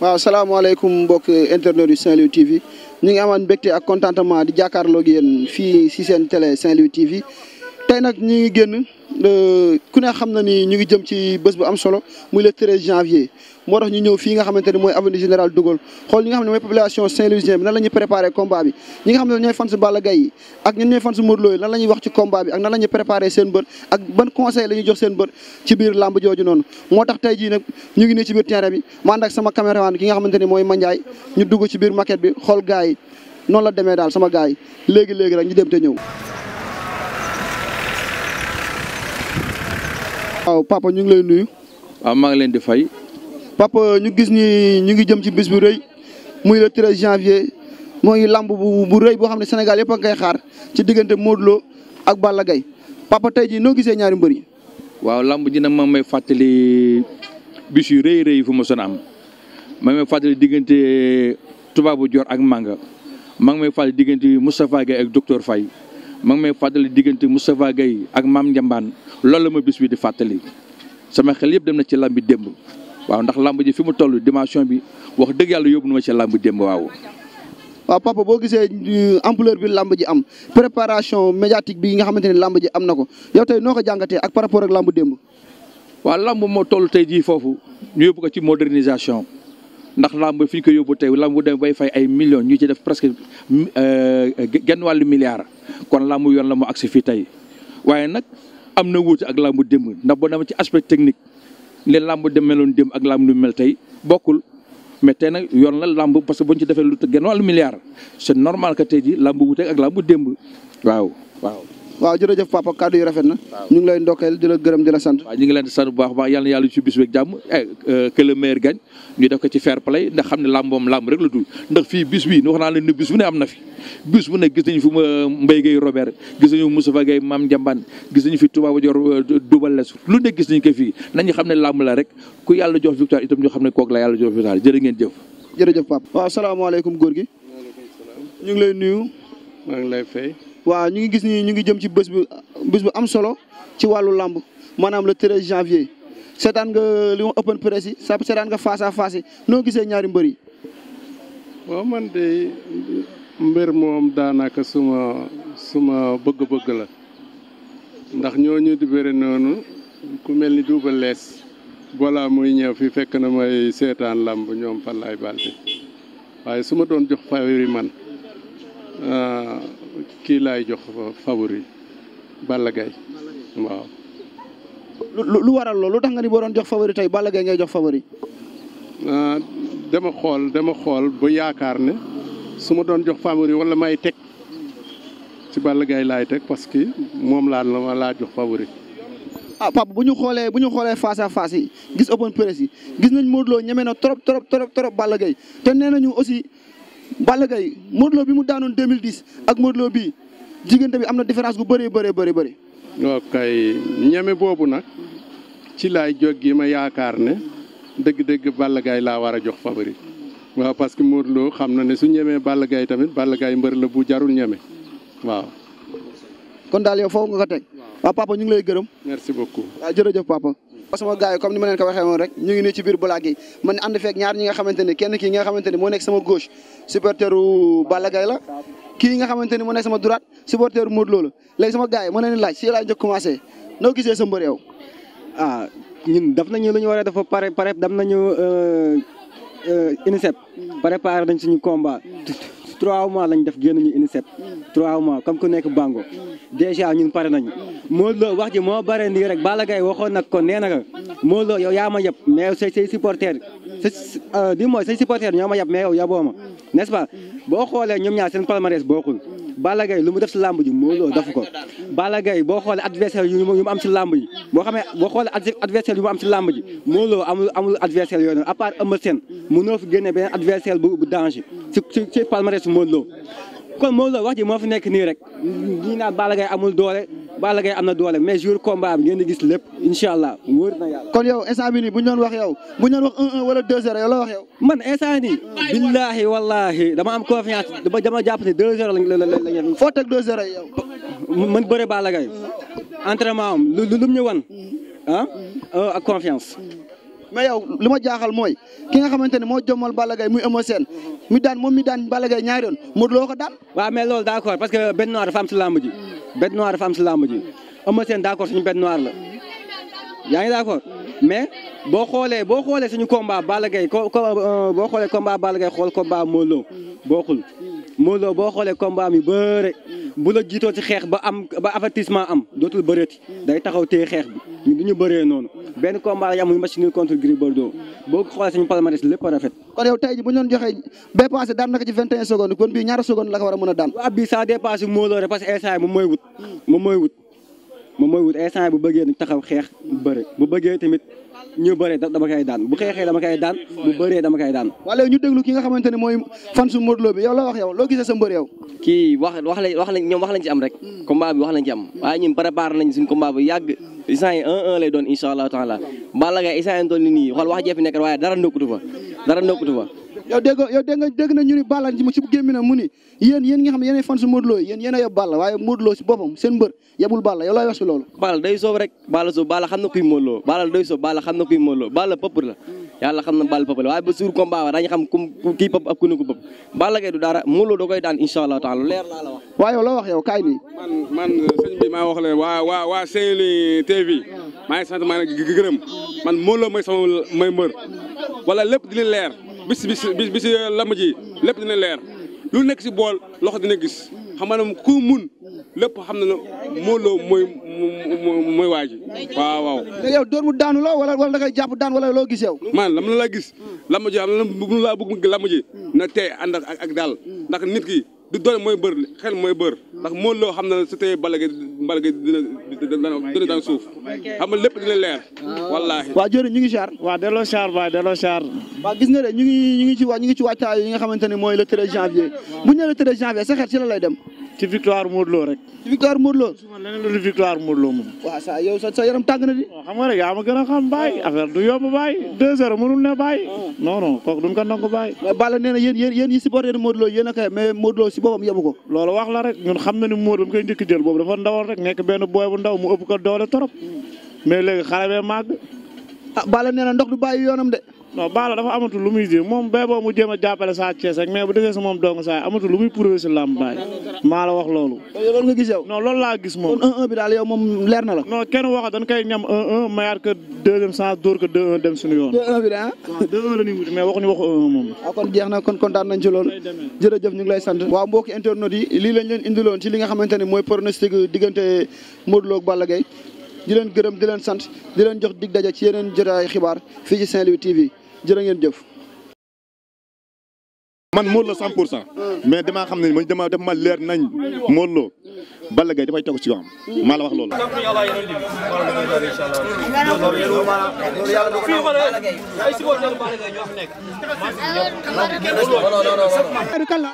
Assalamu alaikum. mbokk internet yu Saint-Louis TV ñu ngi amaan mbégte ak contentement di jàkkaarloog yéen fii télé Saint-Louis TV tey nag ñu ngi génn euh, ku ne xam na ni ñu ngi jëm ci bés bu am solo muy le 13 janvier moo tax ñu ñëw fii nga xamante ni mooy avenue général de Gaulle xool ñi nga xam ne mooy population saint bi nan la ñuy préparé combat bi ñi nga xam ne ñooy fans Balla Gaye yi ak ñun ñooy fans Modou Lo yi ñuy wax ci combat bi ak nan la ñuy préparé seen bër ak ban conseil la ñuy jox seen bër ci biir làmb jooju noonu moo tax tey jii nag ñu ngi nii ci biir terrain bi ma ànd ak sama caméraman ki nga xamante ni mooy Mandiaye ñu dugg ci biir maket bi xool gars yi noonu la demee daal sama gars yi léegi léegi rek ñu dem te ñëw aw papa ñu ngi lay nuyu. ah ma ngi di fay. papa ñu gis ni ñu ngi jëm ci bis bu reuy muy le 13 janvier moy lamb bu bu reuy bo xam ne Sénégal yëpp xaar ci digënté modlo ak Balla papa tay ji no gisé ñaari mbeuri waaw lamb ji na ma may fatali bis yu reuy rëy fu ma son am ma may fai, diggante bu Dior ak Manga ma ngi may fatali digënté Moustapha gay ak docteur fay ma may fatali digënté Moustapha gay ak mam njamban loolu la ma bis bi di fàttali sama xel yëpp dem na ci làmbi démb waaw ndax làmb ji fi mu toll dimension bi wax dëgg yàlla yóbbu na ma ci làmbi démb waaw. waaw papa boo gisee euh, ampleur bi làmb ji am préparation médiatique bi nga xamante ne làmb ji am na ko yow tey noo ko jàngatee ak par rapport ak làmb démb. waaw làmb moo toll tey jii foofu ñu yóbbu ko ci modernisation ndax làmb fi ko yóbbu tey làmb bu dem bay fay ay millions ñu ci def presque euh, genn wàllu milliard kon làmb yoon la mu agsi fii tey am na wuute ak làmb démb ndax boo demee ci aspect technique li làmb dem meloon démb ak làmb nu mel tey bokkul mais tey yoon la làmb parce que bu ñu ci defee lu genn wàllu milliard c'est normal que tey ji làmb wuute ak làmb démb waaw waaw. waaw jërëjëf papa kàddu yi rafet na ñu ngi lay ndokkeel di la gërëm di la sant waaw ñu ngi leen di sant bu baax baax yal na yàlla ci bis beeg eh, euh, ñu def ko ci fair play ndax xam ne làmb moom rek la dul ndax fii bis bii wax naa leen bis bu am na fi bis bu ne gis nañu fi euh, Mbaye Gueye Robert gis nañu Moustapha Gueye Mame Ndiambane gis nañu fi Touba Badior euh, Double Less lu ne gis nañu ko fii nañu xam ne làmb la rek ku yàlla jox victoire itam ñu xam ne kook la yàlla jox victoire jërë ngeen jëf jërëjëf papa waaw salaamaaleykum góor gi ñu ngi lay nuyu moo ngi lay fay wa ñu ngi gis ni ñu ngi jëm ci bés bu bés bu am solo ci walu lamb manam le 13 janvier seetaan nga li mo open presi sa seetaan nga face à face no gisé ñaari mbeuri wa waaw man de mbër moom daanaka suma suma bëgg-bëgg la ndax ñooñu di bëre nonu ku melni ni les wala muy ñëw fi fekk na may setan lamb ñom fan laay balte waye suma doon jox favori man. Ah, kii laay jox favori Balla Gaye waaw. lu waral loolu lu tax nga ni boo doon jox favori tey Balla Gaye ngay jox favori. Ah, dama xool dama xool ba yaakaar ne su ma doon jox favori wala may teg ci Balla Gaye laay teg parce que moom laa la ma laa jox favori. ah papa bu ñu xoolee bu ñu xoolee face à yi gis open press yi gis nañ Modou Lo ñeme na trop trop trop trop Balla Gaye te nee nañu aussi. Balla Gaye Modou bi mu daanoon 2010 ak Modou bi bii diggante bi am na différence bu bëree bëree bari bëri. waaw kay ñeme boobu nag ci laay jóggi ma yaakaar ne dëgg-dëgg Balla laa war a jox fabari waaw parce que Modou xam na ne su ñemee Balla Gaye tamit Balla Gaye mbër la bu jarul ñeme waaw. kon daal yow foofu nga ko teg. waaw papa ñu ngi lay gërëm. merci beaucoup jërëjëf papa. sama gars yi comme ni ma leen ko waxee woon rek ñu ngi nii ci biir blague yi man ànd feek ñaar ñi nga xamante ne kenn kii nga xamante ne moo nekk sama gauche supporteru Balla la kii nga xamante ne moo nekk sama droite supporteru Modou Lo la léegi sama gars yi ma leen laaj si laaj njëkk commencé noo gisee sa mbër yow. ah ñun daf nañu lu ñu war a dafa pare pare daf nañu euh, euh, INSEP hmm. préparé nañ suñu combat. Hmm. trois mois lañ def génn ñu UNICEF trois mois comme ku nekk bango déjà ñun pare nañu Modou Lo wax ji moo bare nii rek Balla Gaye waxoon nag ko nee na nga Modou Lo yow yaa ma yëpp mais yow say say supporter sa di mooy say euh, supporter ñoo ma yëpp mais yow yaboo ma nest boo xoolee ñoom ñaa seen palmarès bokkul Balla Gaye lu mu def si làmb ji Modou Lo def ko Balla Gaye boo xoolee adversaire yu mu am si làmb ji boo xamee boo xoolee adversaire yu mu am si làmb ji Modou Lo amul amul adversaire yooyu noonu à part Eumeu Sène mënoo fi génne beneen adversaire bu bu danger si si si palmarès kon Modou Lo wax ji moo fi nekk nii rek ñii naan Balla amul doole Balla Gaye am na doole mais jour combat bi ngeen di gis lépp incha allah wóor na yàlla. kon yow instant bi bu ñu doon wax yow bu ñu doon wax 1-1 wala 2 la wax yow. man instant nii. billahi wallahi dama am confiance dama dama jàpp ne 2-0 lañ lañ lañ. foo teg 2-0 yow. man bëre Balla Gaye entraînement am lu lu mu ñu wan ah, ah ak mais yow li ma jaaxal mooy ki nga xamante ne moo jommal balagay Gaye muy Eumeu Sène mi daan moom mi daan Balla Gaye ñaari yoon Modou Lo ko daan waaw mais loolu d' accord parce que bête noire dafa am si làmb ji bête noire dafa am si làmb ji Eumeu Sène d' accord suñu benn noire la yaa ngi d' accord mais boo xoolee boo xoolee suñu combat Balla Gaye ko euh, boo xoolee combat Balla Gaye xool combat Modou Lo bokkul Modou Lo boo xoolee combat mi bëre bu la jiitoo ci xeex ba am ba avertissement am dootul bëreeti day taxaw téye xeex bi ñun du ñu bëree noonu benn combat yi am muy match nul contre Gris Bordeaux boo ko xoolee suñu palmarès lépp a rafet kon yow tey bu ñu doon joxee bee passé daan naka ci vingt et kon bii ñaari secondes la ko war a mën a daan bu bëggee dama koy daan bu xeexee dama koy daan bu bëree ñu déglu ki nga xamante ne mooy fan su Modou Lô bi yow wax yow loo gisee sa mbër yow kii wax wax lañ wax lañ ñoom wax lañ ci am hmm. yàgg instant yi 1-1 lay doon incha allahu taala Balla Gaye instant yéen nii xool wax jëf waaye dara ndokkutu dara ndokkutu fa. yow dégg yow na ñu ni Balla ci ci gémmi na mu ni yéen yéen nga xam ne yéenay fan su Modou Lo yéen yéen a yeb Balla waaye Modou si boppam seen mbër yebul Balla yow lay wax si day soob rek Balla soob Balla xam na kuy Modou Lo Balla day soob Balla xam yàlla xam na Balla Papa waaye ba suur combat ba dañu xam ku kii pap ak ku ne ko bëgg du dara Modou Lo da koy daan incha allah taala leer laa la wax. waaw yow loo wax yow kaay nii. man man bi maa wax leen waa waa waa Saint-Louis TV maa ngi sant maa ngi gërëm man Modou Lo mooy sama may mbër wala lépp dina leer bis bis bis bis euh, lamb ji lépp dina leer lu nekk si bool loxo dina gis xam ku mun lépp xam na Modou Lo mooy mooy waa ji waaw waaw. door yow dóor mu daanu la wala wala dangay jàpp daan wala loo gis yow. man lam la gis. lamb ji am na lu laa bëgg lamb ji na tey ànd ak ak daal ndax nit ki du doole mooy bër xel mooy bër ndax Modou Lo xam na su tey Balla Gaye Balla Gaye dina dina daan suuf xam nga lépp dina leer. wallaahi waa jërëjëf ñu ngi char. waa delloo char waa delloo waa gis nga de ñu ngi ñu ngi ci waa ñu ngi ci waajtaay yi nga xamante ne mooy le 13 janvier bu ñu nee le 13 janvier sa xel ci la lay dem. ci victoire Modou Lo rek. ci victoire Modou Lo. su ma leneen loolu victoire di. yaa ma gën a xam bàyyi ah. affaire du yomb bàyyi ah. deux heures mënul ne bàyyi. Ah. non non kooku duñ ko nangu bàyyi. mais Balla nee na yéen yéen yéen ñi supporté Modou Lo yéen a koy ko. loolu wax rek ñun xam na ni mu koy njëkk jël boobu dafa ndawoon rek nekk benn booy bu ndaw mu ëpp ko doole trop hmm. mais léegi xale bee màgg. ah Balla nee na ndox du bàyyi de non Balla dafa amatul lu muy ji moom bee boo mu jéem a jàppale Sa Thiès rek mais bu desee sa moom dong saa amatul lu muy prouvé si làmb maa la wax loolu. loolu nga gis yow. non loolu laa gis moom. kon 1-1 na la. non kenn wax dañ koy ñam 1-1 mayaat que deuxième chance dóor que 2-1 dem suñu yoon. 2-1 bi daal. waaw 2-1 la ñuy wuti mais waxuñu waxu 1-1 moom. waaw ah, kon jeex na kon kontaan nañ ci loolu. jërëjëf ñu ngi lay sant. waaw mbokki internet yi lii lañ leen indiloon ci li nga xamante ne mooy pronostic diggante Modou Lo ak Balla Gaye di leen gërëm di leen sant di leen jox dig daje ci yeneen jotaay xibaar fii ci Saint-Louis TV jërë jëf. man Modou Lo 100 pour cent mais damaa xam ne man dama def ma leer nañ Modou Lo Balla Gaye dafay tegu ci yoon maa la wax loolu.